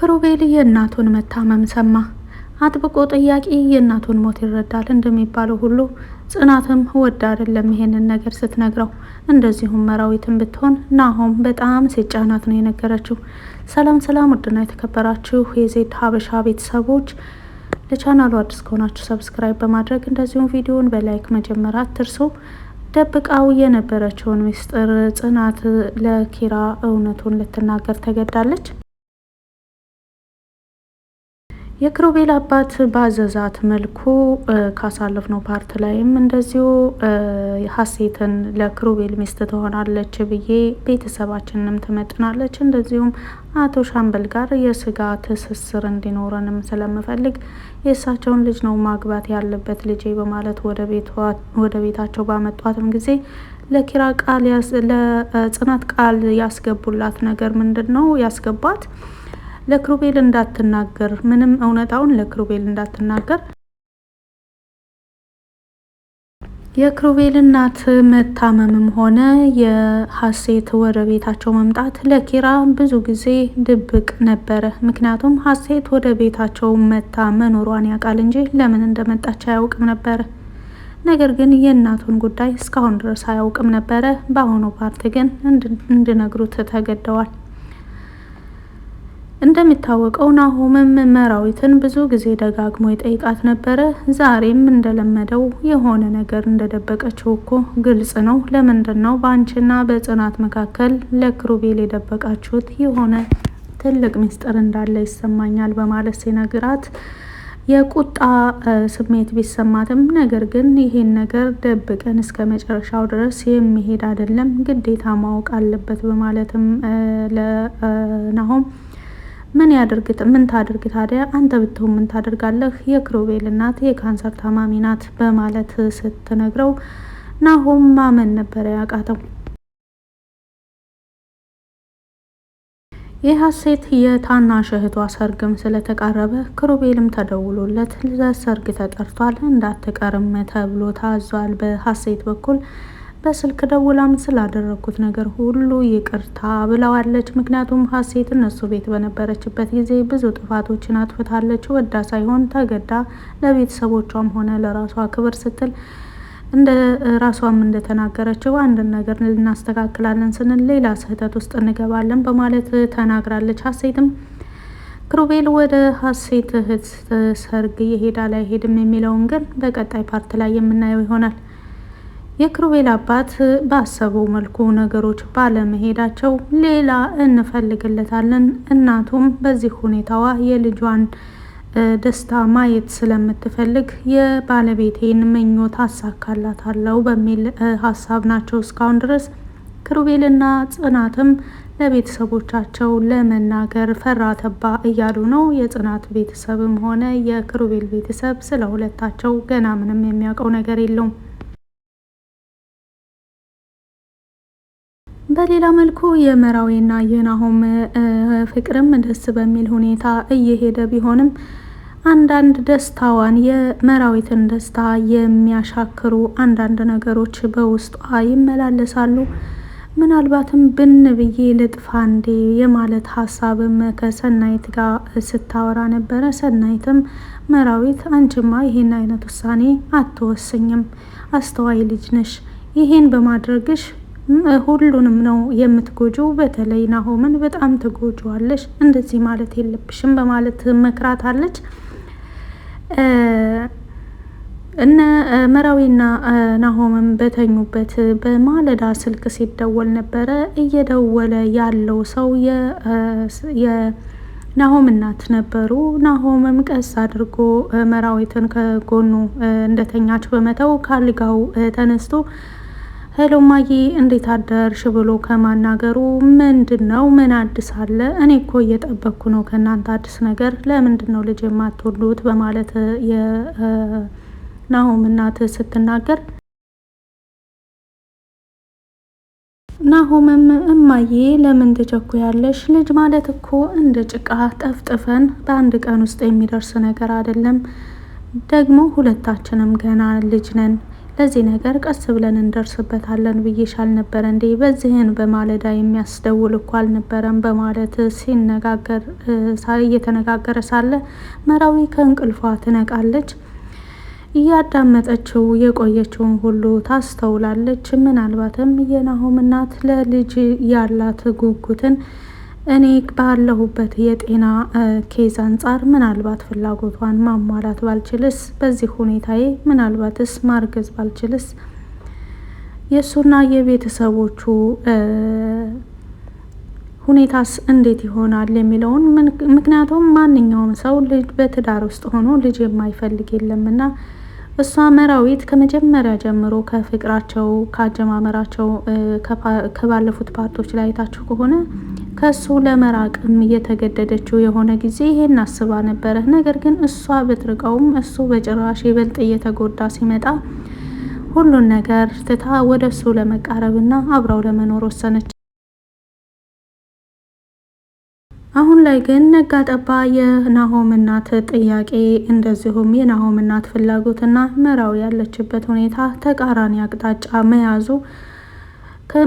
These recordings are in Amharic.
ክሩቤል የእናቱን መታመም ሰማ። አጥብቆ ጥያቄ የእናቱን ሞት ይረዳል እንደሚባለው ሁሉ ጽናትም ወድ አይደለም ይሄንን ነገር ስትነግረው። እንደዚሁም መራዊትን ብትሆን ናሆም በጣም ሲጫናት ነው የነገረችው። ሰላም ሰላም! ውድና የተከበራችሁ የዜድ ሀበሻ ቤተሰቦች ለቻናሉ አዲስ ከሆናችሁ ሰብስክራይብ በማድረግ እንደዚሁም ቪዲዮን በላይክ መጀመር አትርሱ። ደብቃው የነበረችውን ምስጥር ጽናት ለኪራ እውነቱን ልትናገር ተገዳለች። የክሩቤል አባት ባዘዛት መልኩ ካሳለፍነው ፓርት ላይም እንደዚሁ ሀሴትን ለክሩቤል ሚስት ትሆናለች ብዬ ቤተሰባችንንም ትመጥናለች፣ እንደዚሁም አቶ ሻምበል ጋር የስጋ ትስስር እንዲኖረንም ስለምፈልግ የእሳቸውን ልጅ ነው ማግባት ያለበት ልጄ በማለት ወደ ቤታቸው ባመጧትም ጊዜ ለኪራ ቃል ለጽናት ቃል ያስገቡላት ነገር ምንድን ነው ያስገቧት ለክሩቤል እንዳትናገር ምንም እውነታውን ለክሩቤል እንዳትናገር የክሩቤል እናት መታመምም ሆነ የሀሴት ወደ ቤታቸው መምጣት ለኪራ ብዙ ጊዜ ድብቅ ነበረ። ምክንያቱም ሀሴት ወደ ቤታቸው መታ መኖሯን ያውቃል እንጂ ለምን እንደመጣች አያውቅም ነበረ። ነገር ግን የእናቱን ጉዳይ እስካሁን ድረስ አያውቅም ነበረ። በአሁኑ ፓርት ግን እንዲነግሩት ተገደዋል። እንደሚታወቀው ናሆምም መራዊትን ብዙ ጊዜ ደጋግሞ ይጠይቃት ነበረ። ዛሬም እንደለመደው የሆነ ነገር እንደደበቀችው እኮ ግልጽ ነው። ለምንድን ነው በአንቺና በጽናት መካከል ለክሩቤል የደበቃችሁት የሆነ ትልቅ ምስጢር እንዳለ ይሰማኛል በማለት ሲነግራት የቁጣ ስሜት ቢሰማትም ነገር ግን ይሄን ነገር ደብቀን እስከ መጨረሻው ድረስ የሚሄድ አይደለም፣ ግዴታ ማወቅ አለበት በማለትም ለናሆም ምን ያደርግ ምን ታደርግ ታዲያ አንተ ብትሆን ምን ታደርጋለህ? የክሮቤል እናት የካንሰር ታማሚ ናት በማለት ስትነግረው ናሆም ማመን ነበረ ያቃተው። የሀሴት የታናሽ እህቷ ሰርግም ስለተቃረበ ክሩቤልም ተደውሎለት ለሰርግ ተጠርቷል እንዳትቀርም ተብሎ ታዟል በሀሴት በኩል በስልክ ደውላም ስላደረግኩት ነገር ሁሉ ይቅርታ ብለዋለች። ምክንያቱም ሀሴት እነሱ ቤት በነበረችበት ጊዜ ብዙ ጥፋቶችን አጥፍታለች። ወዳ ሳይሆን ተገዳ ለቤተሰቦቿም ሆነ ለራሷ ክብር ስትል እንደ ራሷም እንደተናገረችው አንድን ነገር እናስተካክላለን ስንል ሌላ ስህተት ውስጥ እንገባለን በማለት ተናግራለች። ሀሴትም ክሩቤል ወደ ሀሴት እህት ሰርግ ይሄዳል አይሄድም የሚለውን ግን በቀጣይ ፓርት ላይ የምናየው ይሆናል። የክሩቤል አባት ባሰበው መልኩ ነገሮች ባለመሄዳቸው ሌላ እንፈልግለታለን። እናቱም በዚህ ሁኔታዋ የልጇን ደስታ ማየት ስለምትፈልግ የባለቤቴን ምኞት አሳካላታለሁ በሚል ሀሳብ ናቸው እስካሁን ድረስ። ክሩቤልና ጽናትም ለቤተሰቦቻቸው ለመናገር ፈራተባ እያሉ ነው። የጽናት ቤተሰብም ሆነ የክሩቤል ቤተሰብ ስለ ሁለታቸው ገና ምንም የሚያውቀው ነገር የለውም። በሌላ መልኩ የመራዊና የናሆም ፍቅርም ደስ በሚል ሁኔታ እየሄደ ቢሆንም አንዳንድ ደስታዋን የመራዊትን ደስታ የሚያሻክሩ አንዳንድ ነገሮች በውስጧ ይመላለሳሉ። ምናልባትም ብን ብዬ ልጥፋ እንዴ የማለት ሀሳብም ከሰናይት ጋር ስታወራ ነበረ። ሰናይትም መራዊት አንችማ ይሄን አይነት ውሳኔ አትወስኝም፣ አስተዋይ ልጅ ነሽ፣ ይሄን በማድረግሽ ሁሉንም ነው የምትጎጂው። በተለይ ናሆምን በጣም ትጎጂዋለሽ፣ እንደዚህ ማለት የለብሽም በማለት አለች። እነ መራዊና ናሆምን በተኙበት በማለዳ ስልክ ሲደወል ነበረ። እየደወለ ያለው ሰው የናሆም እናት ነበሩ። ናሆምም ቀስ አድርጎ መራዊትን ከጎኑ እንደተኛች በመተው ካልጋው ተነስቶ ሄሎ ማዬ እንዴት አደርሽ ብሎ ከማናገሩ ምንድን ነው ምን አዲስ አለ? እኔ እኮ እየጠበቅኩ ነው ከእናንተ አዲስ ነገር። ለምንድን ነው ልጅ የማትወሉት? በማለት የናሆም እናት ስትናገር ናሆምም እማዬ ለምን ትቸኩ ያለሽ? ልጅ ማለት እኮ እንደ ጭቃ ጠፍጥፈን በአንድ ቀን ውስጥ የሚደርስ ነገር አይደለም። ደግሞ ሁለታችንም ገና ልጅ ነን። ለዚህ ነገር ቀስ ብለን እንደርስበታለን ብዬሽ አልነበረ እንዴ? በዚህን በማለዳ የሚያስደውል እኮ አልነበረም በማለት ሲነጋገር እየተነጋገረ ሳለ መራዊ ከእንቅልፏ ትነቃለች። እያዳመጠችው የቆየችውን ሁሉ ታስተውላለች። ምናልባትም የናሆም እናት ለልጅ ያላት ጉጉትን እኔ ባለሁበት የጤና ኬዝ አንጻር ምናልባት ፍላጎቷን ማሟላት ባልችልስ፣ በዚህ ሁኔታዬ ምናልባትስ ማርገዝ ባልችልስ የእሱና የቤተሰቦቹ ሁኔታስ እንዴት ይሆናል የሚለውን ምክንያቱም ማንኛውም ሰው በትዳር ውስጥ ሆኖ ልጅ የማይፈልግ የለምና እሷ መራዊት ከመጀመሪያ ጀምሮ ከፍቅራቸው ከአጀማመራቸው ከባለፉት ፓርቶች ላይ አይታችሁ ከሆነ ከሱ ለመራቅም እየተገደደችው የሆነ ጊዜ ይሄን አስባ ነበረ። ነገር ግን እሷ ብትርቀውም እሱ በጭራሽ ይበልጥ እየተጎዳ ሲመጣ ሁሉን ነገር ትታ ወደ እሱ ለመቃረብና አብረው ለመኖር ወሰነች። አሁን ላይ ግን ነጋጠባ የናሆም እናት ጥያቄ እንደዚሁም የናሆም እናት ፍላጎትና መራው ያለችበት ሁኔታ ተቃራኒ አቅጣጫ መያዙ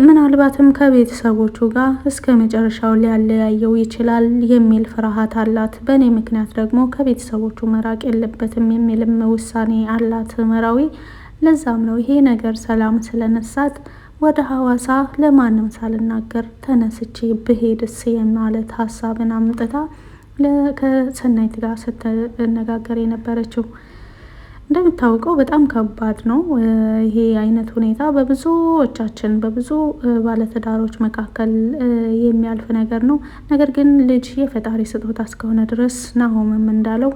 ምናልባትም ከቤተሰቦቹ ጋር እስከ መጨረሻው ሊያለያየው ይችላል የሚል ፍርሃት አላት። በእኔ ምክንያት ደግሞ ከቤተሰቦቹ መራቅ የለበትም የሚልም ውሳኔ አላት መራዊ። ለዛም ነው ይሄ ነገር ሰላም ስለነሳት ወደ ሐዋሳ ለማንም ሳልናገር ተነስቼ ብሄድስ የማለት ሀሳብን አምጥታ ከሰናይት ጋር ስትነጋገር የነበረችው። እንደሚታወቀው በጣም ከባድ ነው ይሄ አይነት ሁኔታ በብዙዎቻችን በብዙ ባለትዳሮች መካከል የሚያልፍ ነገር ነው። ነገር ግን ልጅ የፈጣሪ ስጦታ እስከሆነ ድረስ ናሆምም እንዳለው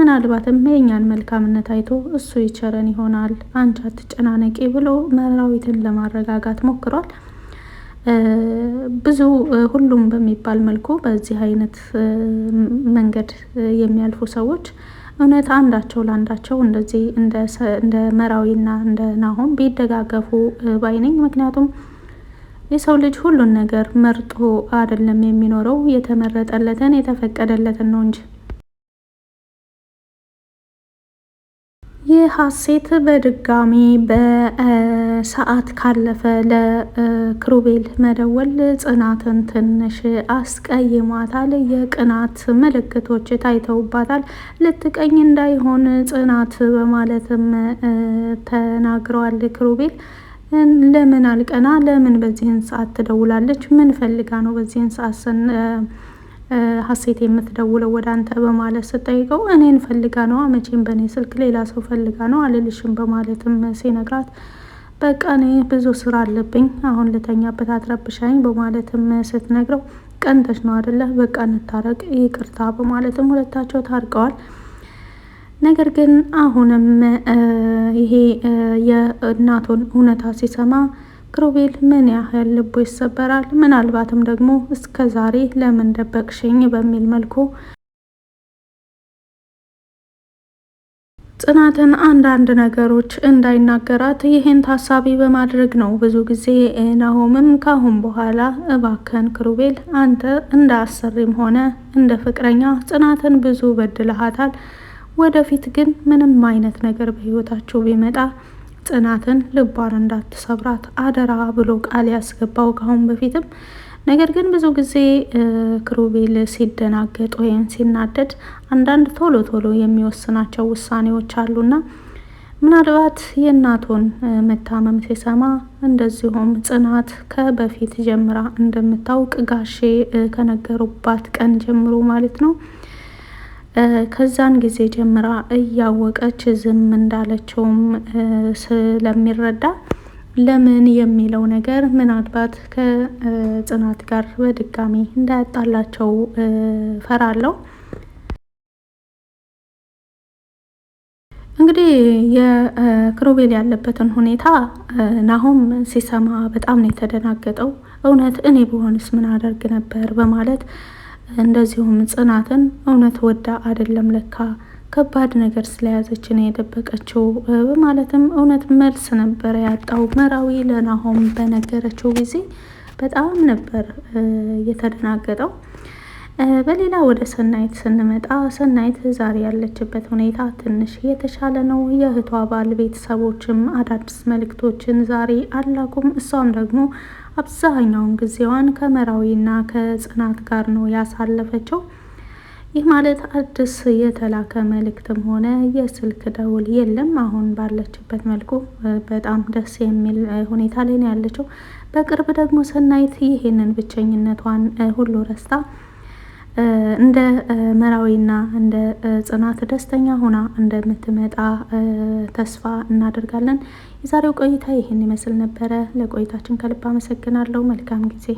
ምናልባትም የእኛን መልካምነት አይቶ እሱ ይቸረን ይሆናል አንቺ አትጨናነቂ ብሎ መራዊትን ለማረጋጋት ሞክሯል። ብዙ ሁሉም በሚባል መልኩ በዚህ አይነት መንገድ የሚያልፉ ሰዎች እውነት አንዳቸው ለአንዳቸው እንደዚህ እንደ መራዊና እንደ ናሆም ቢደጋገፉ ባይነኝ። ምክንያቱም የሰው ልጅ ሁሉን ነገር መርጦ አይደለም የሚኖረው የተመረጠለትን የተፈቀደለትን ነው እንጂ። ይህ ሀሴት በድጋሚ በ ሰዓት ካለፈ ለክሩቤል መደወል ጽናትን ትንሽ አስቀይሟታል። የቅናት ምልክቶች ታይተውባታል። ልትቀኝ እንዳይሆን ጽናት በማለትም ተናግረዋል ክሩቤል ለምን አልቀና ለምን በዚህን ሰዓት ትደውላለች? ምን ፈልጋ ነው በዚህን ሰዓት ሀሴት የምትደውለው ወደ አንተ በማለት ስጠይቀው እኔን ፈልጋ ነው፣ መቼም በእኔ ስልክ ሌላ ሰው ፈልጋ ነው አልልሽም በማለትም ሲነግራት በቃ እኔ ብዙ ስራ አለብኝ አሁን ልተኛበት አትረብሻኝ በማለትም ስትነግረው ቀንተሽ ነው አደለ? በቃ እንታረቅ ይቅርታ በማለትም ሁለታቸው ታርቀዋል። ነገር ግን አሁንም ይሄ የእናቱን እውነታ ሲሰማ ክሮቤል ምን ያህል ልቦ ይሰበራል። ምናልባትም ደግሞ እስከ ዛሬ ለምን ደበቅሽኝ በሚል መልኩ ጽናትን አንዳንድ ነገሮች እንዳይናገራት ይህን ታሳቢ በማድረግ ነው። ብዙ ጊዜ ናሆምም ካሁን በኋላ እባከን ክሩቤል አንተ እንደ አሰሪም ሆነ እንደ ፍቅረኛ ጽናትን ብዙ በድለሃታል። ወደፊት ግን ምንም አይነት ነገር በህይወታቸው ቢመጣ ጽናትን ልቧን እንዳትሰብራት አደራ ብሎ ቃል ያስገባው ካሁን በፊትም ነገር ግን ብዙ ጊዜ ክሩቤል ሲደናገጥ ወይም ሲናደድ አንዳንድ ቶሎ ቶሎ የሚወስናቸው ውሳኔዎች አሉና ምናልባት የእናቱን መታመም ሲሰማ እንደዚሁም ጽናት ከበፊት ጀምራ እንደምታውቅ ጋሼ ከነገሩባት ቀን ጀምሮ ማለት ነው ከዛን ጊዜ ጀምራ እያወቀች ዝም እንዳለችውም ስለሚረዳ ለምን የሚለው ነገር ምናልባት ከጽናት ጋር በድጋሚ እንዳያጣላቸው ፈራለው እንግዲህ የክሮቤል ያለበትን ሁኔታ ናሆም ሲሰማ በጣም ነው የተደናገጠው። እውነት እኔ በሆንስ ምን አደርግ ነበር በማለት እንደዚሁም ጽናትን እውነት ወዳ አይደለም ለካ ከባድ ነገር ስለያዘች ነው የደበቀችው በማለትም እውነት መልስ ነበር ያጣው። መራዊ ለናሆም በነገረችው ጊዜ በጣም ነበር የተደናገጠው። በሌላ ወደ ሰናይት ስንመጣ ሰናይት ዛሬ ያለችበት ሁኔታ ትንሽ የተሻለ ነው። የእህቷ ባል ቤተሰቦችም አዳዲስ መልእክቶችን ዛሬ አላኩም። እሷም ደግሞ አብዛኛውን ጊዜዋን ከመራዊና ከጽናት ጋር ነው ያሳለፈችው። ይህ ማለት አዲስ የተላከ መልእክትም ሆነ የስልክ ደውል የለም። አሁን ባለችበት መልኩ በጣም ደስ የሚል ሁኔታ ላይ ነው ያለችው። በቅርብ ደግሞ ሰናይት ይህንን ብቸኝነቷን ሁሉ ረስታ እንደ መራዊና እንደ ጽናት ደስተኛ ሆና እንደምትመጣ ተስፋ እናደርጋለን። የዛሬው ቆይታ ይህን ይመስል ነበረ። ለቆይታችን ከልብ አመሰግናለሁ። መልካም ጊዜ